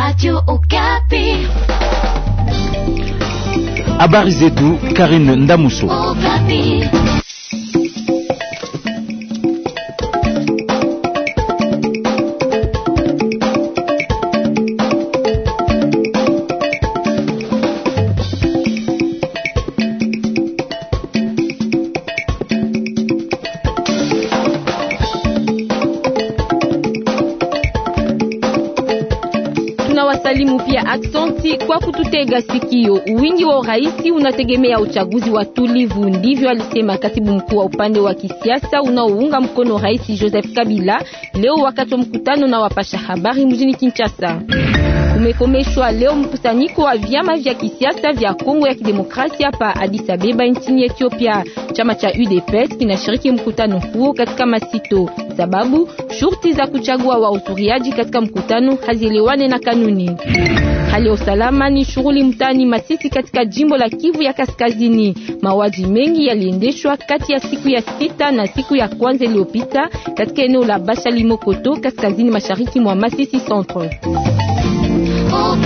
Radio Okapi. Habari zetu Karine Ndamuso. Okapi. mwalimu pia aksanti kwa kututega sikio. Wingi wa uraisi unategemea uchaguzi wa tulivu, ndivyo alisema katibu mkuu wa upande wa kisiasa unaounga mkono rais Joseph Kabila leo wakati wa mkutano na wapasha habari mjini Kinshasa. Umekomeshwa leo mkusanyiko wa vyama vya kisiasa vya Kongo ya Kidemokrasia pa Addis Abeba nchini Ethiopia. Chama cha UDPS kinashiriki mkutano huo katika Masito sababu shurti za kuchagua wahudhuriaji katika mkutano hazielewane na kanuni. Hali ya usalama ni shughuli mtaani Masisi katika jimbo la Kivu ya Kaskazini. Mauaji mengi yaliendeshwa kati ya siku ya sita na siku ya kwanza iliyopita katika eneo la Basha Limokoto kaskazini mashariki mwa Masisi Centre. Oh,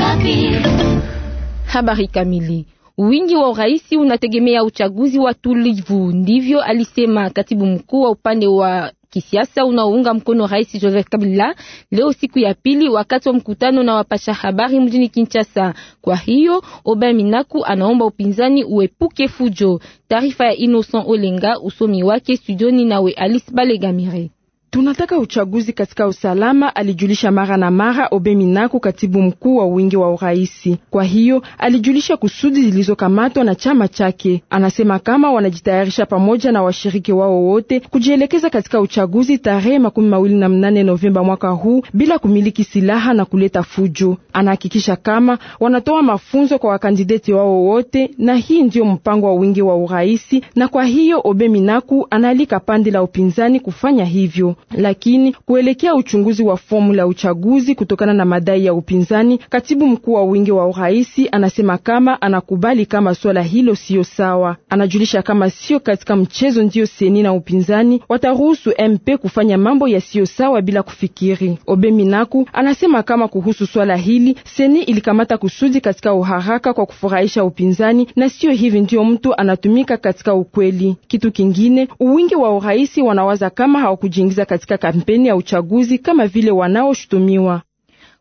Habari kamili wingi wa urais unategemea uchaguzi wa tulivu, ndivyo alisema katibu mkuu wa upande wa kisiasa unaounga mkono Rais Joseph Kabila leo siku ya pili wakati wa mkutano na wapasha habari mjini Kinshasa. Kwa hiyo Oben Minaku anaomba upinzani uepuke fujo. Taarifa ya Innocent Olenga, usomi wake studioni nawe Alice Balegamire. Tunataka uchaguzi katika usalama, alijulisha mara na mara Obe Minaku, katibu mkuu wa wingi wa uraisi. Kwa hiyo alijulisha kusudi zilizokamatwa na chama chake. Anasema kama wanajitayarisha pamoja na washiriki wao wote kujielekeza katika uchaguzi tarehe makumi mawili na mnane Novemba mwaka huu bila kumiliki silaha na kuleta fujo. Anahakikisha kama wanatoa mafunzo kwa wakandideti wao wote, na hii ndiyo mpango wa wingi wa uraisi, na kwa hiyo obeminaku Minaku anaalika pande la upinzani kufanya hivyo. Lakini kuelekea uchunguzi wa fomu la uchaguzi kutokana na madai ya upinzani, katibu mkuu wa wingi wa urais anasema kama anakubali kama swala hilo siyo sawa. Anajulisha kama sio katika mchezo ndiyo seni na upinzani wataruhusu MP kufanya mambo yasiyo sawa bila kufikiri. Obe Minaku anasema kama kuhusu swala hili seni ilikamata kusudi katika uharaka kwa kufurahisha upinzani, na siyo hivi ndiyo mtu anatumika katika ukweli. Kitu kingine, uwingi wa urahisi wanawaza kama hawakujiingiza katika kampeni ya uchaguzi kama vile wanaoshutumiwa.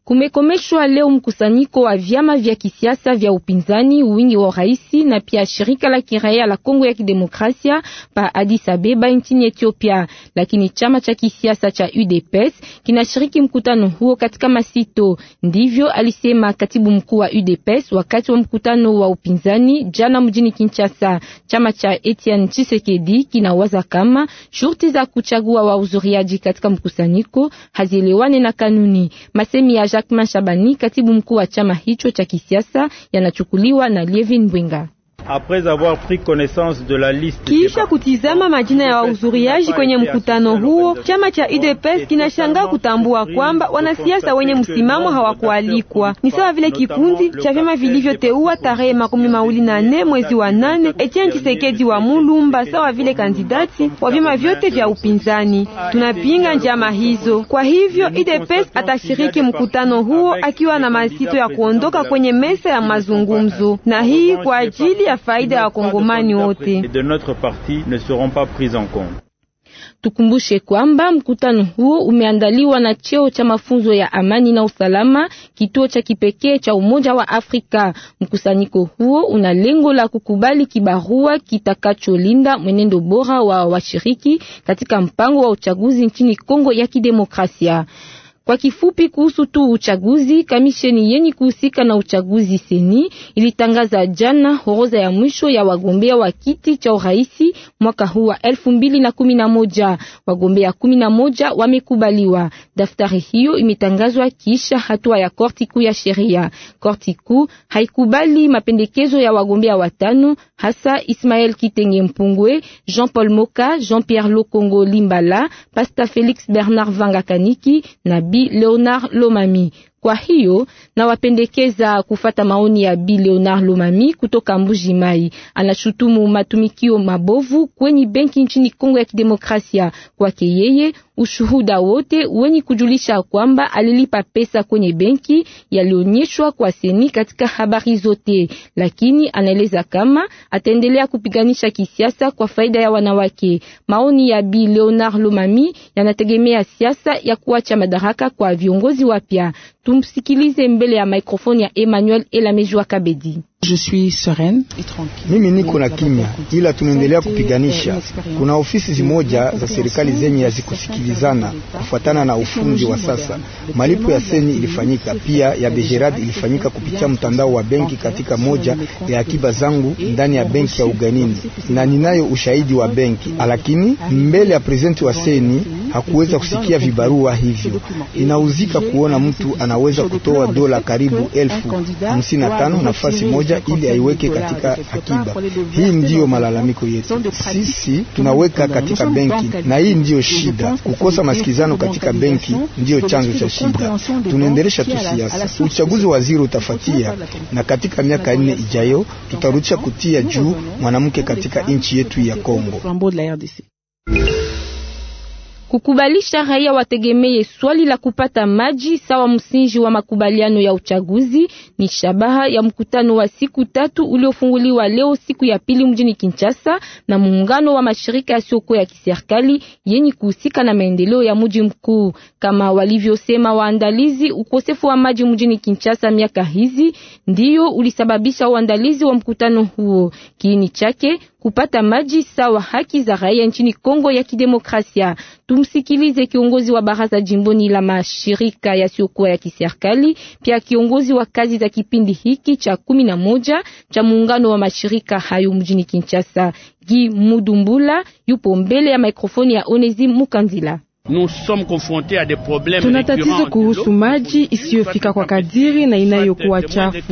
Kumekomeshwa leo mkusanyiko wa vyama vya kisiasa vya upinzani, wingi wa rais na pia shirika la kiraia la Kongo ya Kidemokrasia pa Addis Abeba nchini Ethiopia, lakini chama cha kisiasa cha UDPS kinashiriki mkutano huo katika masito. Ndivyo alisema katibu mkuu wa UDPS wakati wa mkutano wa upinzani jana mjini Kinshasa. Chama cha Etienne Tshisekedi kinawaza kama shurti za kuchagua wahudhuriaji katika mkusanyiko hazielewani na kanuni. Masemi ya Jacques Mashabani, katibu mkuu wa chama hicho cha kisiasa, yanachukuliwa na Lievin Bwinga. Kisha kutizama majina ya wahudhuriaji kwenye mkutano huo, chama cha UDPS kinashangaa kutambua kwamba wanasiasa wenye msimamo hawakualikwa. Ni sawa vile kikundi cha vyama vilivyoteua tarehe makumi mawili na nne mwezi wa nane Etienne Tshisekedi wa Mulumba sawa vile kandidati wa vyama vyote vya upinzani. Tunapinga njama hizo. Kwa hivyo UDPS atashiriki mkutano huo akiwa na masito ya kuondoka kwenye meza ya mazungumzo, na hii kwa ajili ya ya faida ya wakongomani wote. Tukumbushe kwamba mkutano huo umeandaliwa na cheo cha mafunzo ya amani na usalama, kituo cha kipekee cha Umoja wa Afrika. Mkusanyiko huo una lengo la kukubali kibarua kitakacholinda mwenendo bora wa washiriki katika mpango wa uchaguzi nchini Kongo ya Kidemokrasia. Kwa kifupi kuhusu tu uchaguzi, kamisheni yenye kuhusika na uchaguzi seni ilitangaza jana horoza ya mwisho ya wagombea wa kiti cha urais mwaka huu wa 2011. Wagombea 11 wamekubaliwa. Daftari hiyo imetangazwa kisha hatua ya korti kuu ya sheria. Korti kuu haikubali mapendekezo ya wagombea watano, hasa Ismael Kitenge Mpungwe, Jean-Paul Moka, Jean-Pierre Lokongo Limbala, Pasta Felix Bernard Vanga Kaniki na Leonard Léonard Lomami. Kwa hiyo nawapendekeza kufata maoni ya Bi Leonard Lomami kutoka Mbuji Mai. Anashutumu matumikio mabovu kwenye benki nchini Kongo ya Kidemokrasia. Kwake yeye, ushuhuda wote wenye kujulisha kwamba alilipa pesa kwenye benki yalionyeshwa kwa seni katika habari zote, lakini anaeleza kama ataendelea kupiganisha kisiasa kwa faida ya wanawake. Maoni ya Bi Leonard Lomami yanategemea siasa ya kuacha madaraka kwa viongozi wapya. Tumsikilize mbele ya mikrofoni ya Emmanuel Elamejua Kabedi. Je suis sereine et tranquille. Mimi niko na kimya, ila tunaendelea kupiganisha. Kuna ofisi zimoja za serikali zenye hazikusikilizana kufuatana na ufundi wa sasa. Malipo ya seni ilifanyika pia ya bejerad ilifanyika kupitia mtandao wa benki katika moja ya akiba zangu ndani ya benki ya uganini, na ninayo ushahidi wa benki, lakini mbele ya prezidenti wa seni hakuweza kusikia vibarua hivyo. Inauzika kuona mtu anaweza kutoa dola karibu elfu hamsini na tano nafasi moja ili aiweke katika akiba. Hii ndiyo malalamiko yetu sisi, tunaweka katika benki, na hii ndiyo shida. Kukosa masikizano katika benki ndiyo chanzo cha shida. Tunaendelesha tu siasa. Uchaguzi wa waziri utafatia, na katika miaka nne ijayo tutarudisha kutia juu mwanamke katika nchi yetu ya Kongo kukubalisha raia wategemee swali la kupata maji sawa msingi wa makubaliano ya uchaguzi ni shabaha ya mkutano wa siku tatu uliofunguliwa leo siku ya pili mjini Kinshasa na muungano wa mashirika yasiyokuwa ya kiserikali yenye kuhusika na maendeleo ya mji mkuu. Kama walivyosema waandalizi, ukosefu wa maji mjini Kinshasa miaka hizi ndiyo ulisababisha uandalizi wa mkutano huo. Kiini chake kupata maji sawa haki za raia nchini Kongo ya Kidemokrasia. Tumsikilize kiongozi wa baraza jimboni la mashirika yasiyokuwa ya kiserikali, pia kiongozi wa kazi za kipindi hiki cha kumi na moja cha muungano wa mashirika hayo mjini Kinshasa. Gi Mudumbula yupo mbele ya mikrofoni ya Onesi Mukanzila. Tunatatizo kuhusu maji isiyofika kwa kadiri na inayokuwa chafu.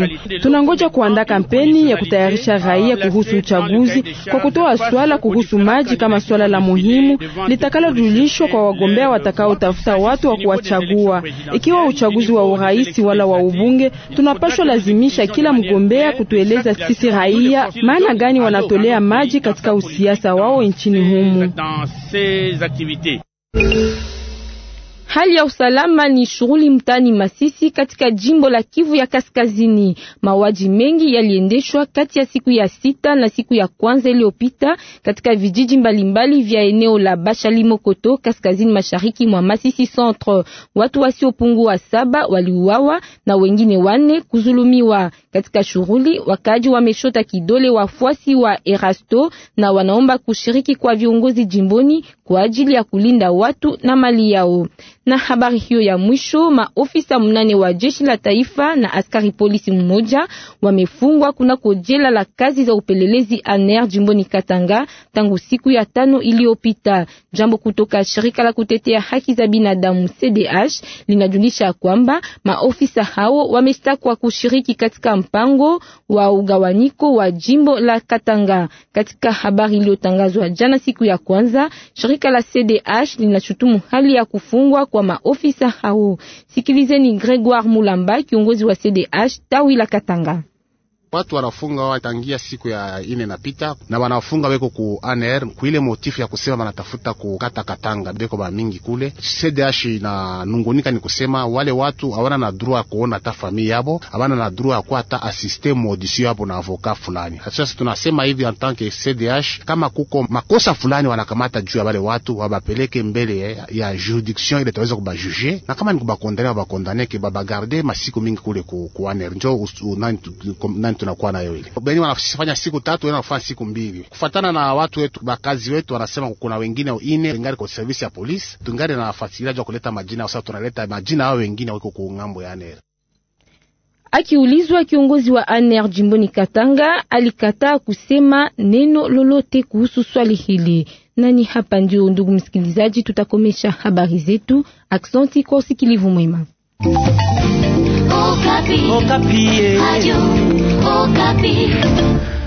Tunangoja kuandaa kampeni ya kutayarisha raia kuhusu uchaguzi kwa kutoa swala kuhusu maji kama swala la muhimu litakalojulishwa kwa wagombea watakaotafuta watu wa kuwachagua. Ikiwa uchaguzi wa urais wala wa ubunge, tunapashwa lazimisha kila mgombea kutueleza sisi raia maana gani wanatolea maji katika usiasa wao nchini humu. Hali ya usalama ni shughuli mtaani Masisi katika jimbo la Kivu ya Kaskazini. Mauaji mengi yaliendeshwa kati ya siku ya sita na siku ya kwanza iliyopita katika vijiji mbalimbali vya eneo la Bashalimokoto kaskazini mashariki mwa Masisi Centre. Watu wasiopungua wa saba waliuawa na wengine wanne kuzulumiwa. Katika shughuli, wakaji wameshota kidole wafuasi wa Erasto na wanaomba kushiriki kwa viongozi jimboni kwa ajili ya kulinda watu na mali yao. Na habari hiyo ya mwisho, maofisa mnane wa jeshi la taifa na askari polisi mmoja wamefungwa kuna kujela la kazi za upelelezi aner jimboni Katanga tangu siku ya tano iliyopita. Jambo kutoka shirika la kutetea haki za binadamu CDH linajulisha kwamba maofisa hao wamestakwa kushiriki katika mpango wa ugawanyiko wa jimbo la Katanga. Katika habari iliyotangazwa jana siku ya kwanza, shirika la CDH linashutumu hali ya kufungwa kwa maofisa hao. Sikilizeni Gregoire Mulamba, kiongozi wa CDH tawi la Katanga watu wanafunga watangia siku ya ine na pita na wanafunga weko ku ANR kuile motifu ya kusema wanatafuta kukata katanga beko ba mingi kule CDH na nungunika, ni kusema wale watu hawana na droit ya kuona hata familia yabo, hawana na droit ya kuata assiste modisio yabo na avocat fulani. Sasa tunasema hivi en tant que CDH, kama kuko makosa fulani wanakamata juu ya wale watu wabapeleke mbele ya, ya juridiction ile taweza kubajuge, na kama ni kubakondane, wabakondane ke babagarde masiku mingi kule ku, ku ANR njo nani tunakuwa nayo ile. Beni wanafanya siku tatu, wengine wanafanya siku mbili, kufatana na watu wetu bakazi wetu wanasema kuna wengine ine ingari kwa service ya polisi, tungari na wafatiliaji jo kuleta majina. Sasa tunaleta majina hao wengine wako ku ngambo ya NR. Akiulizwa, kiongozi wa ANR jimboni Katanga alikataa kusema neno lolote kuhusu swali hili. Nani hapa ndio, ndugu msikilizaji, tutakomesha habari zetu. Aksanti kwa usikilivu mwema. Oh, oh, Boca Bis.